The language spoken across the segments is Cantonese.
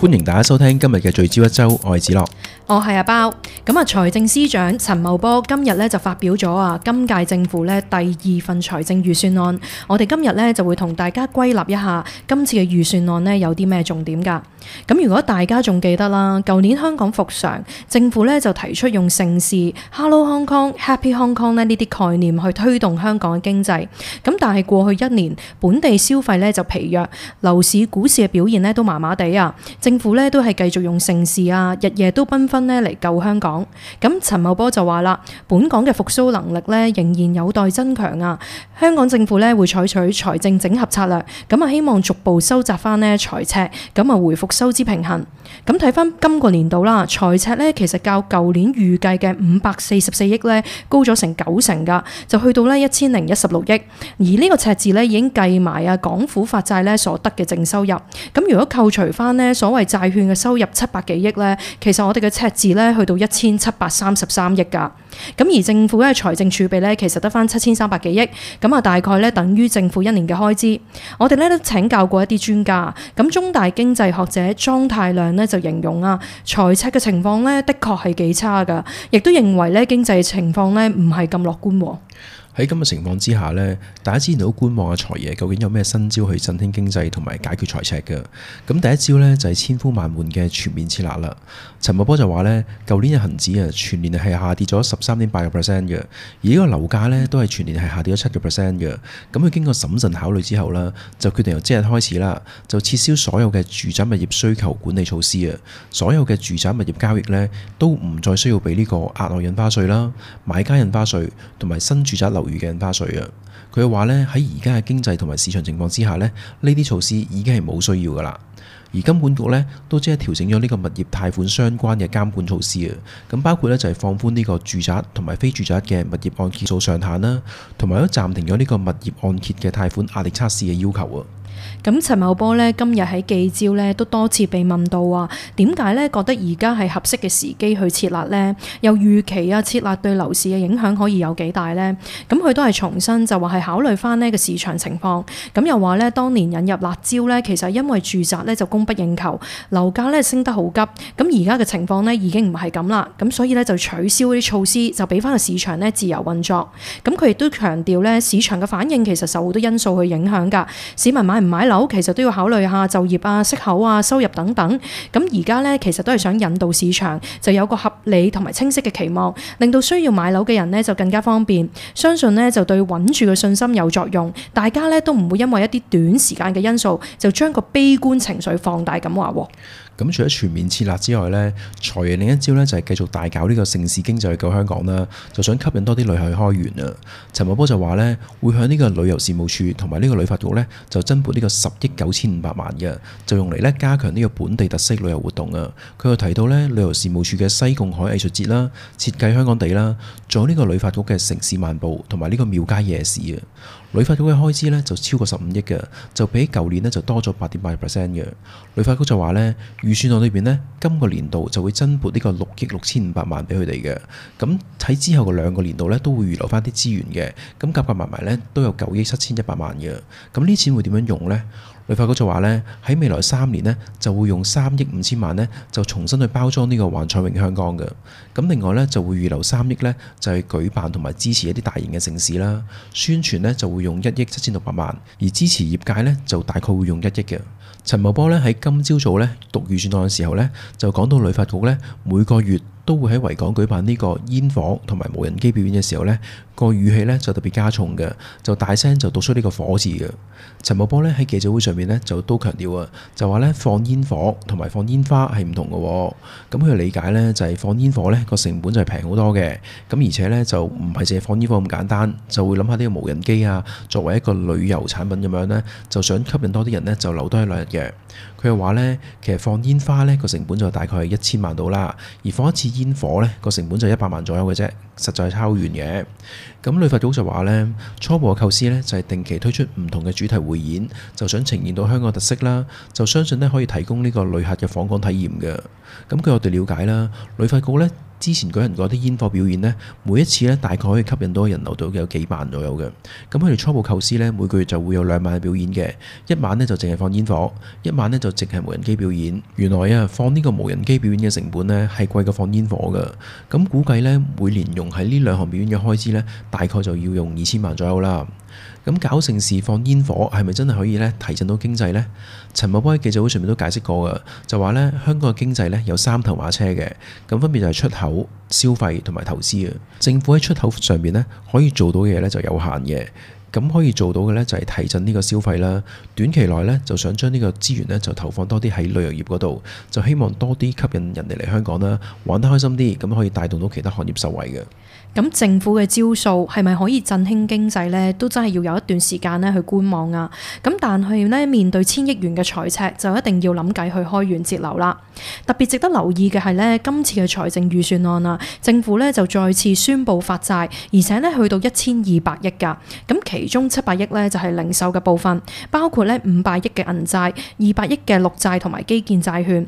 歡迎大家收聽今日嘅聚焦一周，我係子樂，我係阿包。咁啊，財政司長陳茂波今日咧，就發表咗啊，今屆政府咧第二份財政預算案，我哋今日咧就會同大家歸納一下今次嘅預算案呢有啲咩重點噶。咁如果大家仲記得啦，舊年香港復常，政府咧就提出用盛事 Hello Hong Kong、Happy Hong Kong 咧呢啲概念去推動香港嘅經濟。咁但係過去一年本地消費咧就疲弱，樓市、股市嘅表現咧都麻麻地啊。政府都係繼續用盛事啊，日夜都繽紛嚟救香港。咁陳茂波就話啦，本港嘅復蘇能力仍然有待增強啊。香港政府呢會採取財政整合策略，咁啊希望逐步收集翻咧財赤，咁啊回復收支平衡。咁睇翻今個年度啦，財赤呢其實較舊年預計嘅五百四十四億高咗成九成噶，就去到一千零一十六億。而呢個赤字呢已經計埋啊港府發債所得嘅淨收入。咁如果扣除翻呢所謂因為債券嘅收入七百幾億咧，其實我哋嘅赤字咧去到一千七百三十三億噶，咁而政府嘅財政儲備咧其實得翻七千三百幾億，咁啊大概咧等於政府一年嘅開支。我哋咧都請教過一啲專家，咁中大經濟學者莊太亮咧就形容啊，財赤嘅情況咧的確係幾差噶，亦都認為咧經濟情況咧唔係咁樂觀。喺咁嘅情況之下呢，大家知道觀望啊，財爺究竟有咩新招去振興經濟同埋解決財赤嘅？咁第一招呢，就係千呼萬喚嘅全面撤辣啦。陳茂波就話呢，舊年嘅恒指啊，全年係下跌咗十三點八個 percent 嘅，而呢個樓價呢，都係全年係下跌咗七個 percent 嘅。咁佢經過審慎考慮之後啦，就決定由即日開始啦，就撤銷所有嘅住宅物業需求管理措施啊，所有嘅住宅物業交易呢，都唔再需要俾呢個額外印花稅啦、買家印花稅同埋新住宅樓嘅印花稅啊，佢話咧，喺而家嘅經濟同埋市場情況之下咧，呢啲措施已經係冇需要噶啦。而金管局咧都即係調整咗呢個物業貸款相關嘅監管措施啊，咁包括咧就係放寬呢個住宅同埋非住宅嘅物業按揭數上限啦，同埋都暫停咗呢個物業按揭嘅貸款壓力測試嘅要求啊。咁陳茂波呢，今日喺記招呢都多次被問到話：「點解呢？覺得而家係合適嘅時機去撤辣呢？又預期啊撤辣對樓市嘅影響可以有幾大呢？」咁佢都係重申就話係考慮翻呢個市場情況。咁又話呢，當年引入辣招呢，其實因為住宅呢就供不應求，樓價呢升得好急。咁而家嘅情況呢，已經唔係咁啦，咁所以呢，就取消啲措施，就俾翻個市場呢自由運作。咁佢亦都強調呢，市場嘅反應其實受好多因素去影響㗎。市民買唔買樓其實都要考慮下就業啊、息口啊、收入等等。咁而家咧，其實都係想引導市場，就有個合理同埋清晰嘅期望，令到需要買樓嘅人咧就更加方便。相信呢，就對穩住嘅信心有作用。大家咧都唔會因為一啲短時間嘅因素，就將個悲觀情緒放大咁話。咁除咗全面撤辣之外呢，財爺另一招呢就係繼續大搞呢個城市經濟去救香港啦，就想吸引多啲旅客去開源啊。陳茂波就話呢，會向呢個旅遊事務署同埋呢個旅發局呢，就增撥呢個十億九千五百萬嘅，就用嚟呢加強呢個本地特色旅遊活動啊。佢又提到呢旅遊事務署嘅西貢海藝術節啦，設計香港地啦，仲有呢個旅發局嘅城市漫步同埋呢個廟街夜市啊。旅發局嘅開支咧就超過十五億嘅，就比喺舊年咧就多咗八點八嘅 percent 嘅。旅發局就話咧，預算案裏邊咧，今個年度就會增撥呢個六億六千五百萬俾佢哋嘅。咁喺之後嘅兩個年度咧，都會預留翻啲資源嘅。咁夾夾埋埋咧都有九億七千一百萬嘅。咁呢錢會點樣用咧？旅發局就話呢喺未來三年呢，就會用三億五千萬呢，就重新去包裝呢個幻彩詠香江嘅，咁另外呢，就會預留三億呢，就去舉辦同埋支持一啲大型嘅城市啦，宣傳呢，就會用一億七千六百萬，而支持業界呢，就大概會用一億嘅。陳茂波呢，喺今朝早呢，讀預算案嘅時候呢，就講到旅發局呢，每個月都會喺維港舉辦呢個煙火同埋無人機表演嘅時候，呢個語氣呢就特別加重嘅，就大聲就讀出呢個火字嘅。陳茂波呢喺記者會上面呢，就都強調啊，就話呢，放煙火同埋放煙花係唔同嘅，咁佢理解呢，就係放煙火呢個成本就係平好多嘅，咁而且呢，就唔係淨係放煙火咁簡單，就會諗下呢個無人機啊，作為一個旅遊產品咁樣呢，就想吸引多啲人呢，就留多一兩日嘅。佢又話呢，其實放煙花呢個成本就大概係一千萬到啦，而放一次煙火呢個成本就一百萬左右嘅啫，實在係超遠嘅。咁旅發局就話呢，初步嘅構思呢就係定期推出唔同嘅主題匯演，就想呈現到香港嘅特色啦，就相信呢可以提供呢個旅客嘅訪港體驗嘅。咁據我哋了解啦，旅發局呢。之前舉行過啲煙火表演咧，每一次咧大概可以吸引到人流到有幾萬左右嘅。咁佢哋初步構思咧，每個月就會有兩晚嘅表演嘅，一晚咧就淨係放煙火，一晚咧就淨係無人機表演。原來啊，放呢個無人機表演嘅成本咧係貴過放煙火㗎。咁估計咧，每年用喺呢兩項表演嘅開支咧，大概就要用二千萬左右啦。咁搞成事放煙火，係咪真係可以咧提振到經濟呢？陳茂波喺記者會上面都解釋過㗎，就話咧香港嘅經濟咧有三頭馬車嘅，咁分別就係出口、消費同埋投資啊。政府喺出口上面咧可以做到嘅嘢咧就有限嘅，咁可以做到嘅咧就係提振呢個消費啦。短期內咧就想將呢個資源咧就投放多啲喺旅遊業嗰度，就希望多啲吸引人哋嚟香港啦，玩得開心啲，咁可以帶動到其他行業受惠嘅。咁政府嘅招數係咪可以振興經濟呢？都真係要有一段時間呢去觀望啊！咁但係呢面對千億元嘅財赤，就一定要諗計去開源節流啦。特別值得留意嘅係呢今次嘅財政預算案啊，政府呢就再次宣布發債，而且呢去到一千二百億噶。咁其中七百億呢，就係零售嘅部分，包括呢五百億嘅銀債、二百億嘅綠債同埋基建債券。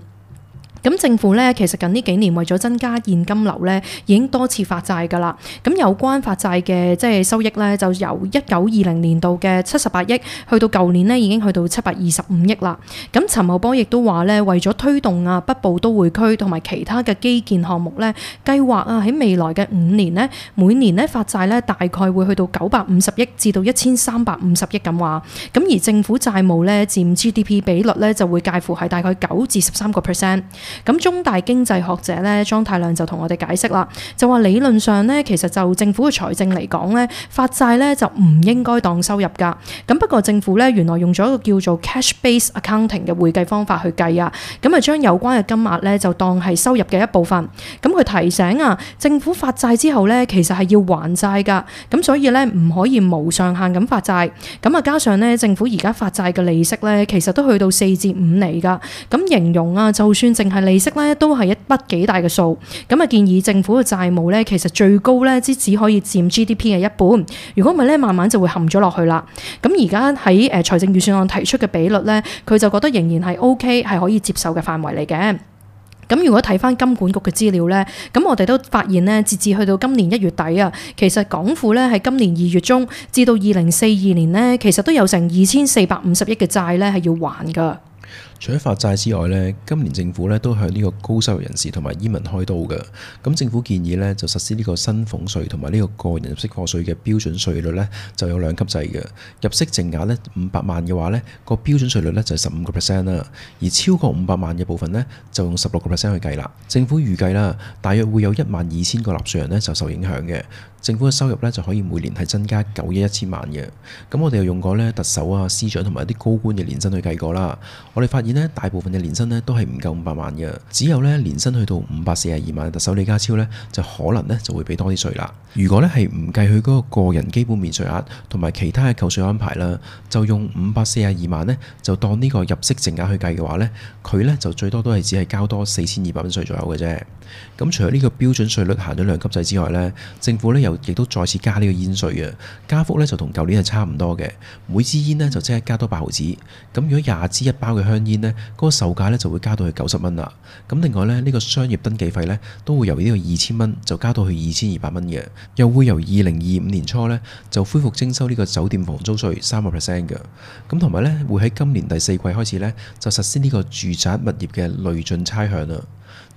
咁政府咧，其實近呢幾年為咗增加現金流咧，已經多次發債㗎啦。咁有關發債嘅即係收益咧，就由一九二零年度嘅七十八億，去到舊年呢，已經去到七百二十五億啦。咁陳茂波亦都話咧，為咗推動啊北部都會區同埋其他嘅基建項目咧，計劃啊喺未來嘅五年呢，每年咧發債咧大概會去到九百五十億至到一千三百五十億咁話。咁而政府債務咧佔 GDP 比率咧就會介乎係大概九至十三個 percent。咁中大經濟學者咧，莊太亮就同我哋解釋啦，就話理論上咧，其實就政府嘅財政嚟講咧，發債咧就唔應該當收入㗎。咁不過政府咧，原來用咗一個叫做 cash base accounting 嘅會計方法去計啊。咁啊，將有關嘅金額咧就當係收入嘅一部分。咁佢提醒啊，政府發債之後咧，其實係要還債㗎。咁所以咧，唔可以無上限咁發債。咁啊，加上咧，政府而家發債嘅利息咧，其實都去到四至五釐㗎。咁形容啊，就算淨係利息咧都係一筆幾大嘅數，咁啊建議政府嘅債務咧，其實最高咧只只可以佔 GDP 嘅一半，如果唔係咧，慢慢就會陷咗落去啦。咁而家喺誒財政預算案提出嘅比率咧，佢就覺得仍然係 OK，係可以接受嘅範圍嚟嘅。咁如果睇翻金管局嘅資料咧，咁我哋都發現呢，截至去到今年一月底啊，其實港府咧喺今年二月中至到二零四二年呢，其實都有成二千四百五十億嘅債咧係要還噶。除咗發債之外呢，今年政府呢都向呢個高收入人士同埋煙民開刀嘅。咁政府建議呢就實施呢個薪俸稅同埋呢個個人入息課稅嘅標準稅率呢就有兩級制嘅。入息淨額呢，五百萬嘅話呢個標準稅率呢就係十五個 percent 啦。而超過五百萬嘅部分呢就用十六個 percent 去計啦。政府預計啦，大約會有一萬二千個納稅人呢就受影響嘅。政府嘅收入呢就可以每年係增加九億一千萬嘅。咁我哋又用過呢特首啊司長同埋啲高官嘅年薪去計過啦。我哋發現。大部分嘅年薪咧都係唔夠五百萬嘅，只有咧年薪去到五百四十二萬的特首李家超呢就可能咧就會俾多啲稅啦。如果咧係唔計佢嗰個個人基本免稅額同埋其他嘅扣稅安排啦，就用五百四十二萬呢，就當呢個入息淨額去計嘅話呢，佢呢就最多都係只係交多四千二百蚊稅左右嘅啫。咁除咗呢個標準稅率行咗兩級制之外呢，政府呢又亦都再次加呢個煙稅啊。加幅呢就同舊年係差唔多嘅，每支煙呢就即係加多八毫子。咁如果廿支一包嘅香煙，嗰、嗰個售價咧就會加到去九十蚊啦，咁另外咧呢個商業登記費咧都會由呢個二千蚊就加到去二千二百蚊嘅，又會由二零二五年初咧就恢復徵收呢個酒店房租稅三個 percent 嘅，咁同埋咧會喺今年第四季開始咧就實施呢個住宅物業嘅累進差餉啦。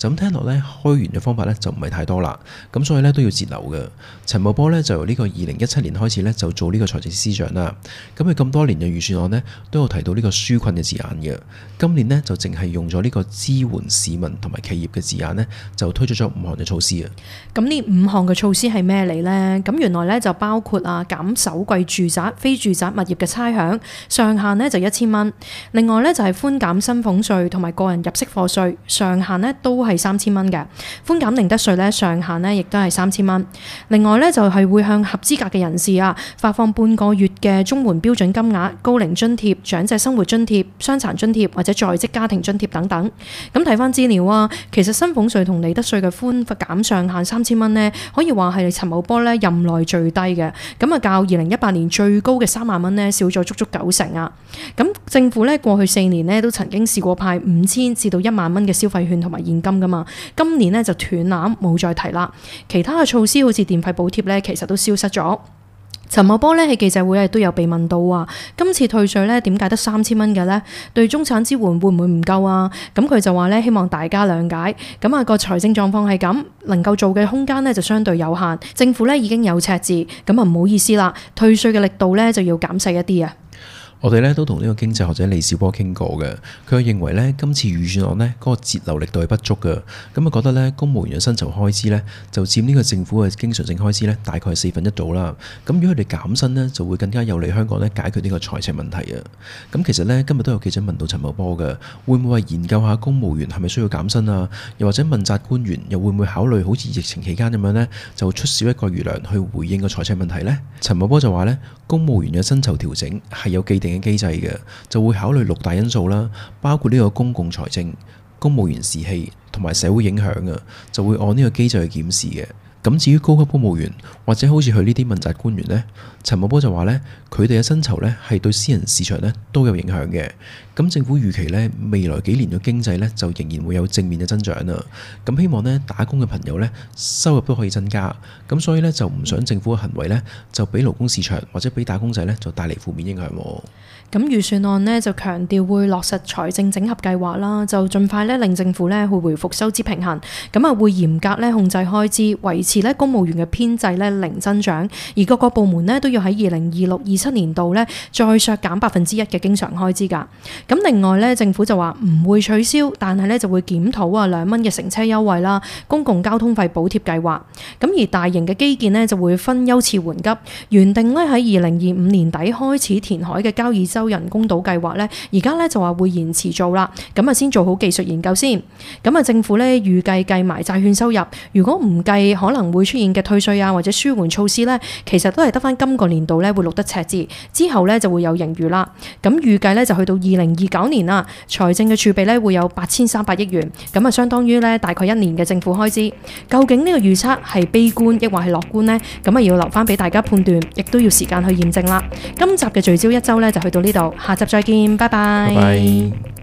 咁聽落咧，開源嘅方法咧就唔係太多啦，咁所以咧都要節流嘅。陳茂波咧就由呢個二零一七年開始咧就做呢個財政司長啦。咁佢咁多年嘅預算案呢，都有提到呢個紓困嘅字眼嘅。今年呢，就淨係用咗呢個支援市民同埋企業嘅字眼呢，就推出咗五項嘅措施啊。咁呢五項嘅措施係咩嚟呢？咁原來咧就包括啊減首季住宅非住宅物業嘅差餉上限呢就一千蚊。另外咧就係寬減薪俸稅同埋個人入息課稅上限呢都係三千蚊嘅寬減，利得稅咧，上限咧亦都係三千蚊。另外咧就係會向合資格嘅人士啊發放半個月嘅綜援標準金額、高齡津貼、長者生活津貼、傷殘津貼或者在職家庭津貼等等。咁睇翻資料啊，其實薪俸稅同利得稅嘅寬減上限三千蚊呢，可以話係陳茂波咧任內最低嘅。咁啊，較二零一八年最高嘅三萬蚊呢，少咗足足九成啊。咁政府咧過去四年呢，都曾經試過派五千至到一萬蚊嘅消費券同埋現金。今年咧就斷纜冇再提啦。其他嘅措施好似電費補貼咧，其實都消失咗。陳茂波咧喺記者會亦都有被問到啊：「今次退稅咧點解得三千蚊嘅呢？對中產支援會唔會唔夠啊？咁佢就話咧，希望大家諒解。咁啊個財政狀況係咁，能夠做嘅空間咧就相對有限。政府咧已經有赤字咁啊，唔好意思啦，退稅嘅力度咧就要減細一啲啊。我哋咧都同呢個經濟學者李小波傾過嘅，佢又認為呢，今次預算案呢嗰個節流力度係不足嘅，咁啊覺得呢，公務員嘅薪酬開支呢，就佔呢個政府嘅經常性開支呢，大概係四分一到啦。咁如果佢哋減薪呢，就會更加有利香港呢解決呢個財赤問題啊。咁其實呢，今日都有記者問到陳茂波嘅，會唔會係研究下公務員係咪需要減薪啊？又或者問責官員又會唔會考慮好似疫情期間咁樣呢，就出少一個月糧去回應個財赤問題呢？陳茂波就話呢，公務員嘅薪酬調整係有既定機制嘅就會考慮六大因素啦，包括呢個公共財政、公務員士氣同埋社會影響嘅就會按呢個機制去檢視嘅。咁至於高級公務員或者好似佢呢啲問責官員呢，陳茂波就話呢佢哋嘅薪酬呢，係對私人市場呢都有影響嘅。咁政府預期呢，未來幾年嘅經濟呢，就仍然會有正面嘅增長啦。咁希望呢打工嘅朋友呢，收入都可以增加。咁所以呢，就唔想政府嘅行為呢，就俾勞工市場或者俾打工仔呢，就帶嚟負面影響。咁預算案呢，就強調會落實財政整合計劃啦，就盡快呢令政府呢，會回復收支平衡。咁啊會嚴格呢控制開支，維持，遲咧，公務員嘅編制咧，零增長，而各個部門呢，都要喺二零二六、二七年度呢，再削減百分之一嘅經常開支㗎。咁另外呢，政府就話唔會取消，但係呢，就會檢討啊兩蚊嘅乘車優惠啦，公共交通費補貼計劃。咁而大型嘅基建呢，就會分優次緩急，原定呢，喺二零二五年底開始填海嘅交椅洲人工島計劃呢，而家呢，就話會延遲做啦。咁啊先做好技術研究先。咁啊政府呢，預計計埋債券收入，如果唔計可能，會出現嘅退稅啊，或者舒緩措施呢，其實都係得翻今個年度呢，會錄得赤字，之後呢就會有盈餘啦。咁預計呢，就去到二零二九年啦，財政嘅儲備呢，會有八千三百億元，咁啊相當於呢，大概一年嘅政府開支。究竟呢個預測係悲觀抑或係樂觀呢？咁啊要留翻俾大家判斷，亦都要時間去驗證啦。今集嘅聚焦一周呢，就去到呢度，下集再見，拜拜。Bye bye